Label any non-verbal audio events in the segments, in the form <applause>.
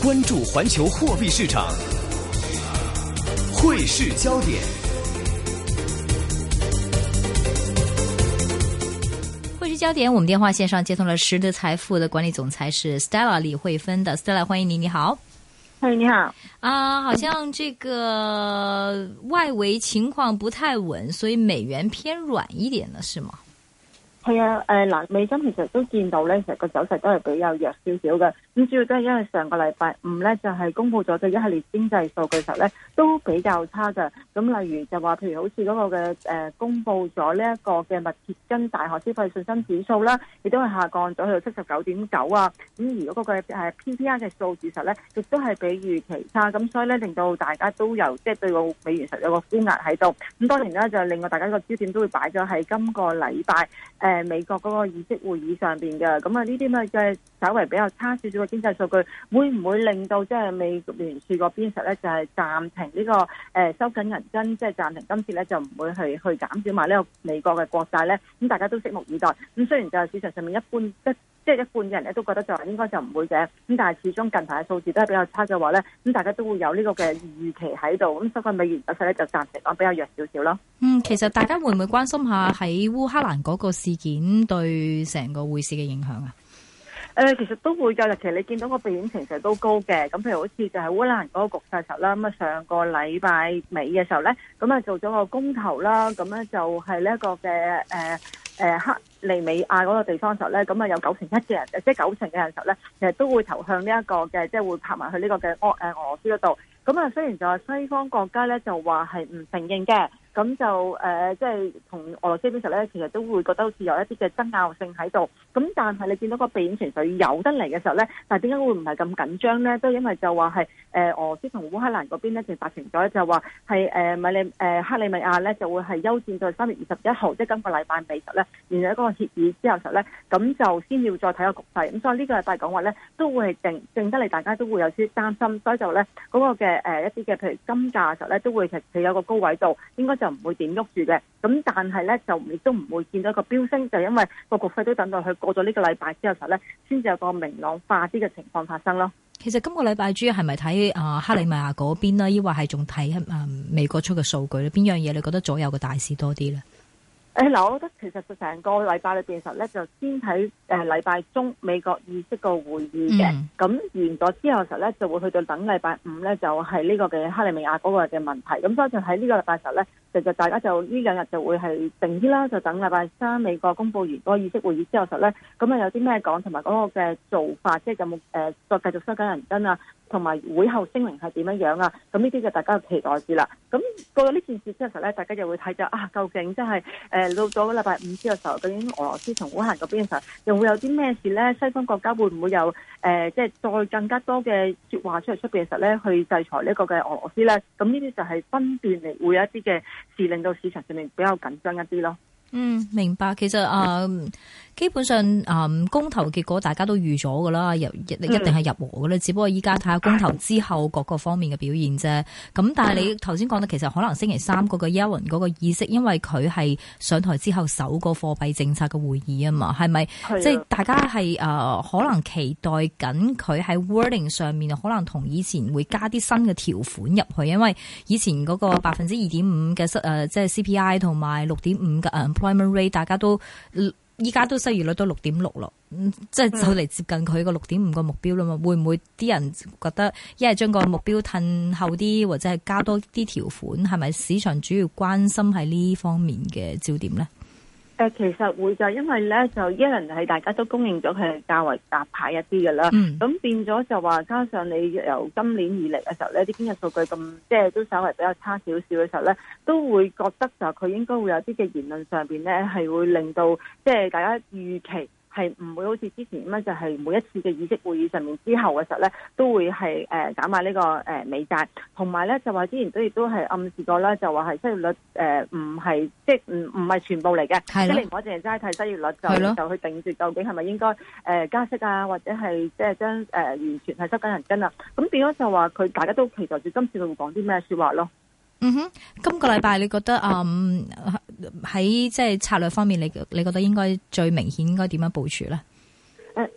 關注環球貨幣市場，匯市焦點。匯市焦點，我們電話線上接通了實德財富的管理總裁是 Stella 李慧芬的 Stella，歡迎你，你好。迎、hey, 你好。啊，uh, 好像這個外圍情況不太穩，所以美元偏軟一點了，是嗎？係啊、hey,，誒、uh,，嗱、hey, 呃，美金其實都見到呢，其實個走勢都係比較弱少少嘅。咁主要都係因為上個禮拜五咧就係公布咗嘅一系列經濟數據實咧都比較差嘅，咁例如就話，譬如好似嗰個嘅誒，公布咗呢一個嘅密歇根大學消費信心指數啦，亦都係下降咗去到七十九點九啊。咁而嗰個係 PPI 嘅數字實咧亦都係比預期差，咁所以咧令到大家都由即係對個美元實有個烏壓喺度。咁當然啦，就另外大家個焦點都會擺咗喺今個禮拜誒美國嗰個議息會議上邊嘅。咁啊，呢啲咁嘅稍微比較差少少經濟數據會唔會令到即係美聯儲個邊實咧，就係暫停呢個誒收緊銀根，即係暫停今次咧，就唔會去去減少埋呢個美國嘅國債咧。咁大家都拭目以待。咁雖然就係市場上面一般，即即係一半嘅人咧，都覺得就係應該就唔會嘅。咁但係始終近排嘅數字都係比較差嘅話咧，咁大家都會有呢個嘅預期喺度。咁所以美元走勢咧就暫時講比較弱少少咯。嗯，其實大家會唔會關心下喺烏克蘭嗰個事件對成個匯市嘅影響啊？誒、呃，其實都會㗎。其實你見到個避險情緒都高嘅。咁譬如好似就係烏蘭嗰個局勢嘅時候啦。咁啊，上個禮拜尾嘅時候咧，咁啊做咗個公投啦。咁咧就係呢一個嘅誒誒克里米亞嗰個地方嘅時候咧，咁啊有九成一嘅人，誒即係九成嘅人時候咧，其實都會投向呢一個嘅，即係會拍埋去呢個嘅俄誒俄羅斯嗰度。咁啊，雖然就係西方國家咧，就話係唔承認嘅。咁就誒，即係同俄羅斯嗰邊時候咧，其實都會覺得好似有一啲嘅爭拗性喺度。咁但係你見到個避險情緒有得嚟嘅時候咧，但係點解會唔係咁緊張咧？都因為就話係誒俄羅斯同烏克蘭嗰邊咧，其實達成咗就話係誒米利誒克里米亞咧，就會係休戰到三月二十一號，即係今個禮拜尾日咧，完成嗰個協議之後時候咧，咁就先要再睇個局勢。咁所以呢個禮拜講話咧，都會係正正得嚟，大家都會有啲擔心，所以就咧嗰、那個嘅誒、呃、一啲嘅譬如金價嘅時候咧，都會其實佢有個高位度，應該就。唔會點喐住嘅，咁但係咧就亦都唔會見到一個飆升，就因為個局勢都等到佢過咗呢個禮拜之後頭咧，先至有個明朗化啲嘅情況發生咯。其實今個禮拜主要係咪睇啊克里米亞嗰邊咧，抑或係仲睇啊美國出嘅數據咧？邊樣嘢你覺得左右嘅大市多啲咧？誒，嗱、哎，我覺得其實就成個禮拜咧，其實咧就先睇誒禮拜中美國意識個會議嘅，咁完咗之後實咧就會去到等禮拜五咧，就係呢個嘅克里米亞嗰個嘅問題。咁所以就喺呢個禮拜實咧，其實大家就呢兩日就會係定啲啦，就等禮拜三美國公佈完個意識會議之後實咧，咁啊有啲咩講同埋嗰個嘅做法，即係有冇誒再繼續收緊銀根啊？同埋會後聲明係點樣樣啊？咁呢啲就大家期待住啦。咁過咗呢件事之後呢，大家會就會睇到啊，究竟真係誒到咗個禮拜五之後嘅時候，究竟俄羅斯同烏克蘭嗰邊嘅時候，又會有啲咩事呢？西方國家會唔會有誒即係再更加多嘅説話出嚟出邊嘅時候呢，去制裁呢個嘅俄羅斯呢？咁呢啲就係分段嚟，會有一啲嘅事令到市場上面比較緊張一啲咯。嗯，明白。其實啊。嗯 <laughs> 基本上，誒、嗯、公投結果大家都預咗噶啦，一定係入和噶啦。嗯、只不過依家睇下公投之後各個方面嘅表現啫。咁但係你頭先講到，其實可能星期三嗰個 Yellen 嗰個意識，因為佢係上台之後首個貨幣政策嘅會議啊嘛，係咪、啊、即係大家係誒、呃、可能期待緊佢喺 wording 上面可能同以前會加啲新嘅條款入去，因為以前嗰個百分之二點五、呃、嘅即、就是、CPI 同埋六點五嘅 employment rate，大家都。依家都失業率都六點六咯，即係就嚟接近佢個六點五個目標啦嘛，會唔會啲人覺得一係將個目標褪後啲，或者係加多啲條款，係咪市場主要關心喺呢方面嘅焦點呢？誒其實會就因為咧就一人係大家都公認咗佢係較為大牌一啲嘅啦，咁、嗯、變咗就話加上你由今年以嚟嘅時候咧，啲經濟數據咁即係都稍微比較差少少嘅時候咧，都會覺得就佢應該會有啲嘅言論上邊咧係會令到即係大家預期。係唔會好似之前咁樣，就係、是、每一次嘅議息會議上面之後嘅時候咧，都會係誒減買呢個誒美債，同埋咧就話之前都亦都係暗示過啦，就話係失業率誒唔係即係唔唔係全部嚟嘅，即係你唔可以淨係齋睇失業率就的就去定住究竟係咪應該誒、呃、加息啊，或者係即係將誒完全係收緊銀根啊，咁變咗就話佢大家都期待住今次佢會講啲咩說話咯。嗯哼，今個禮拜你覺得，嗯，喺即係策略方面，你你覺得應該最明顯應該點樣部署咧？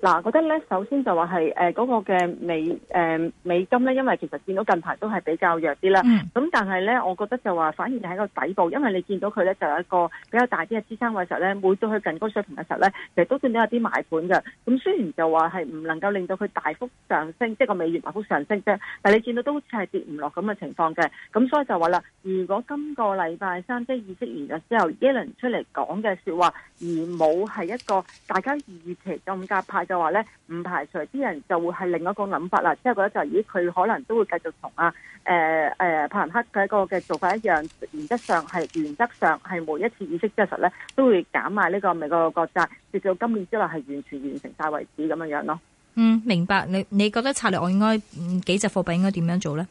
嗱，啊、我覺得咧，首先就話係誒嗰個嘅美誒、呃、美金咧，因為其實見到近排都係比較弱啲啦。咁、嗯、但係咧，我覺得就話反而喺個底部，因為你見到佢咧就有一個比較大啲嘅支撐位嘅時候咧，每到佢近高水平嘅時候咧，其實都見到有啲賣盤嘅。咁雖然就話係唔能夠令到佢大幅上升，即係個美元大幅上升啫。但係你見到都好似係跌唔落咁嘅情況嘅。咁所以就話啦，如果今個禮拜三即係議息完咗之後，耶倫出嚟講嘅説話，而冇係一個大家預期咁加。派就話咧，唔排除啲人就會係另一個諗法啦，即係覺得就係，咦，佢可能都會繼續同啊，誒誒，帕克嘅一個嘅做法一樣，原則上係原則上係每一次意識資實咧，都會減埋呢個美國嘅國債，直至到今年之內係完全完成晒為止咁樣樣咯。嗯，明白。你你覺得策略我應該幾隻貨幣應該點樣做咧？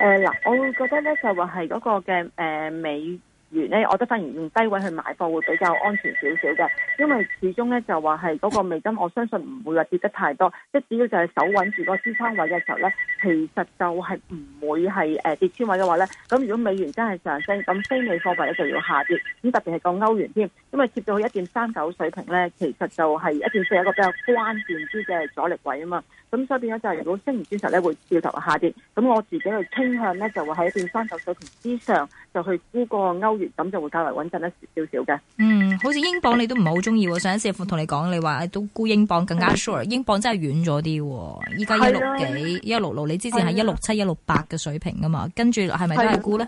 誒，嗱，我會覺得咧就話係嗰個嘅誒美。元咧，我覺得反而用低位去買貨會比較安全少少嘅，因為始終咧就話係嗰個美金，我相信唔會話跌得太多，即係只要就係手穩住個支撐位嘅時候咧，其實就係唔會係誒跌穿位嘅話咧。咁如果美元真係上升，咁非美貨幣咧就要下跌，咁特別係個歐元添，因為貼到去一點三九水平咧，其實就係一點四一個比較關鍵啲嘅阻力位啊嘛。咁所以變咗就係如果升唔穿時咧，會調頭下跌。咁我自己去傾向咧，就會喺一點三九水平之上就去沽個歐。咁就會較為穩陣一少少嘅。嗯，好似英鎊你都唔係好中意喎。 <laughs> 上一次同你講，你話都沽英鎊更加 sure <laughs> 英。英鎊真係軟咗啲，依家一六幾一六六，你之前係一六七一六八嘅水平噶嘛？跟住係咪都係沽咧？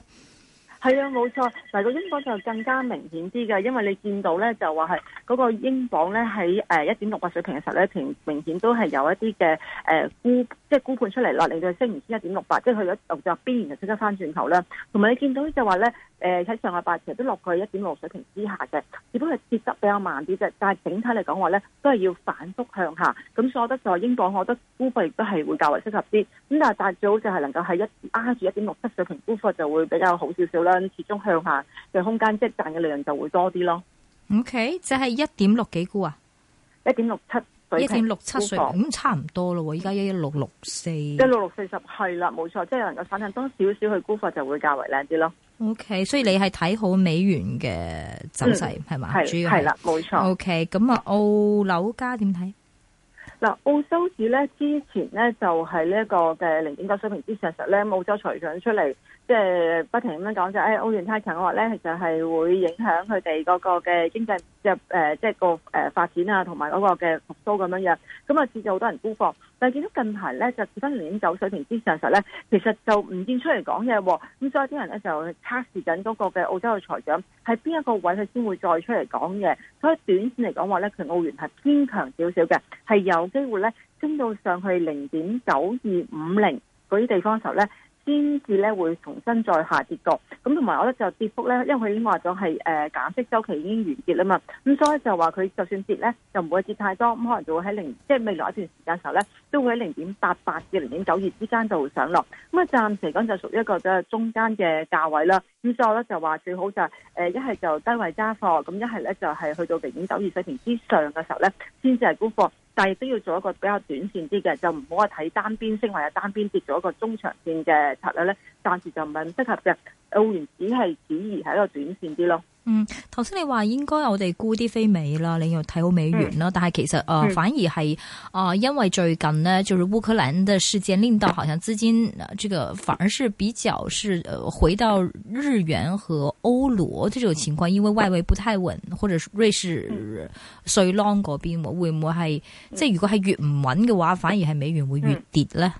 係啊，冇、啊、錯。嗱，個英鎊就更加明顯啲嘅，因為你見到呢，就話係嗰個英鎊咧喺誒一點六八水平嘅時候咧，明顯都係有一啲嘅誒沽，即係沽盤出嚟落你就升唔知一點六八，即係去咗動作邊就即刻翻轉頭啦。同埋你見到就話咧。誒喺上個八其實都落過一點六水平之下嘅，只不過係跌得比較慢啲啫。但係整體嚟講話咧，都係要反覆向下。咁所以，我覺得在英當，我覺得沽貨亦都係會較為適合啲。咁但係，但最好就係能夠喺一壓住一點六七水平沽貨就會比較好少少啦。咁始終向下嘅空間，即係賺嘅量就會多啲咯。OK，就係一點六幾沽啊？一點六七。一點六七歲，咁差唔多咯。依家一一六六四，一六六四十，係啦，冇錯，即係能夠反向多少少去沽貨，就會較為靚啲咯。O、okay, K，所以你係睇好美元嘅走勢係嘛？主要係啦，冇錯。O K，咁啊，okay, 澳樓價點睇？嗱，澳洲市咧之前咧就係呢一個嘅零點九水平之上，實咧澳洲財長出嚟。即係不停咁樣講就，哎，澳元太強呢，嘅話咧其實係會影響佢哋嗰個嘅經濟，即係誒即係個誒發展啊，同埋嗰個嘅復甦咁樣樣。咁啊，導致好多人沽貨。但係見到近排咧就跌返零點九水平之上嘅時候咧，其實就唔見出嚟講嘢喎。咁所以啲人咧就測試緊嗰個嘅澳洲嘅財長係邊一個位佢先會再出嚟講嘢。所以短線嚟講話咧，佢澳元係偏強少少嘅，係有機會咧升到上去零點九二五零嗰啲地方嘅時候咧。先至咧會重新再下跌過，咁同埋我覺得就跌幅咧，因為佢已經話咗係誒減息週期已經完結啦嘛，咁所以就話佢就算跌咧，就唔會跌太多，咁可能就會喺零即係、就是、未來一段時間嘅時候咧，都會喺零點八八至零點九二之間度上落，咁啊暫時講就屬於一個嘅中間嘅價位啦，咁所以我咧就話最好就誒一係就低位揸貨，咁一係咧就係去到零點九二水平之上嘅時候咧，先至係沽貨。但亦都要做一個比較短線啲嘅，就唔好話睇，單邊升或者單邊跌，做一個中長線嘅策略咧，暫時就唔係咁適合嘅。澳元只係只宜喺一個短線啲咯。嗯，頭先你話應該我哋沽啲非美啦，你要睇好美元啦。嗯、但係其實誒，呃嗯、反而係誒、呃，因為最近呢，就是烏克蘭的事件令到，好像資金呢、呃這個反而是比較是、呃、回到日元和歐羅這種情況，嗯、因為外圍不太穩，或者瑞士瑞郎嗰邊會唔會係？嗯、即係如果係越唔穩嘅話，反而係美元會越跌呢？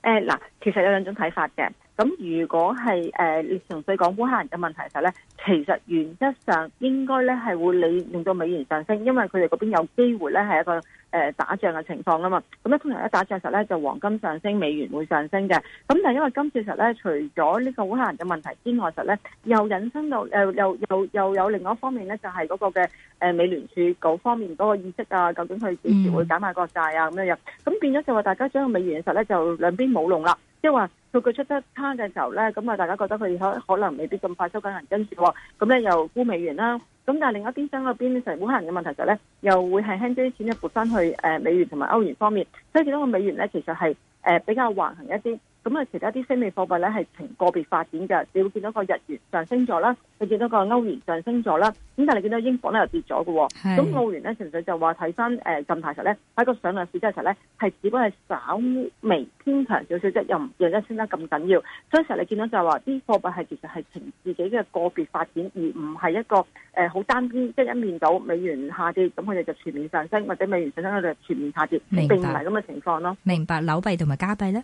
嗯、誒，嗱，其實有兩種睇法嘅。咁如果係誒純粹講烏克蘭嘅問題嘅時候咧，其實原則上應該咧係會利用到美元上升，因為佢哋嗰邊有機會咧係一個誒、呃、打仗嘅情況啊嘛。咁咧通常一打仗實咧就黃金上升，美元會上升嘅。咁但係因為今次實咧除咗呢個烏克蘭嘅問題之外實呢，實咧又引申到誒、呃、又又又有另外一方面咧，就係、是、嗰個嘅美聯儲嗰方面嗰個意識啊，究竟佢幾時會減買國債啊咁、嗯、樣樣。咁變咗就話大家講到美元嘅時候咧，就兩邊冇龍啦，即佢佢出得差嘅時候咧，咁啊大家覺得佢可可能未必咁快收緊銀根住，咁咧又沽美元啦。咁但係另一邊廂嗰邊成好黑人嘅問題就咧，又會係輕啲錢就撥去撥翻去誒美元同埋歐元方面，所以見到個美元咧其實係誒、呃、比較橫行一啲。咁啊，其他啲非美貨幣咧係呈個別發展嘅，你會見到個日元上升咗啦，你見到個歐元上升咗啦，咁但係你見到英鎊咧又跌咗嘅。咁澳元咧純粹就話睇升誒近排時咧喺個上落市即係時候咧係只不過係稍微偏強少少啫，又唔讓得升得咁緊要。所以時候你見到就係話啲貨幣係其實係呈自己嘅個別發展，而唔係一個誒好單邊即係、就是、一面倒美元下跌，咁佢哋就全面上升，或者美元上升佢哋就全面下跌，白並唔係咁嘅情況咯。明白紐幣同埋加幣咧？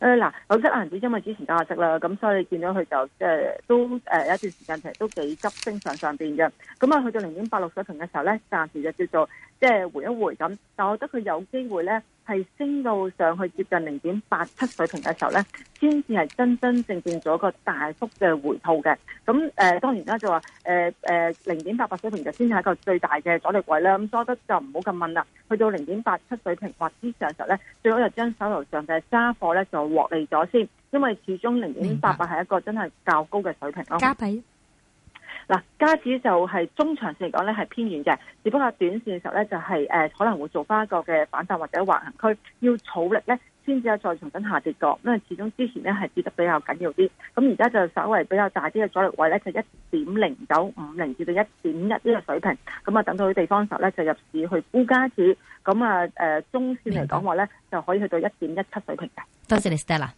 誒嗱，紐西、呃、蘭紙因為之前加下息啦，咁所以見到佢就即、呃、都誒有、呃、一段時間其實都幾急升上上邊嘅。咁、嗯、啊，去到零點八六水平嘅時候咧，暫時就叫做即係回一回咁。但係我覺得佢有機會咧。係升到上去接近零點八七水平嘅時候咧，先至係真真正正做一個大幅嘅回吐嘅。咁誒、呃，當然啦就話誒誒零點八八水平就先至係一個最大嘅阻力位啦。咁所以我覺得就唔好咁問啦。去到零點八七水平或之上嘅時候咧，最好就將手頭上嘅揸貨咧就獲利咗先，因為始終零點八八係一個真係較高嘅水平咯。明白。加幣。嗱，加紙就係中長線嚟講咧係偏軟嘅，只不過短線嘅時候咧就係、是、誒、呃、可能會做翻一個嘅反彈或者橫行區，要儲力咧先至有再重新下跌過，因為始終之前咧係跌得比較緊要啲，咁而家就稍微比較大啲嘅阻力位咧就一點零九五零至到一點一呢個水平，咁啊等到啲地方嘅時候咧就入市去沽加紙，咁啊誒中線嚟講話咧就可以去到一點一七水平嘅，多謝你收睇啦。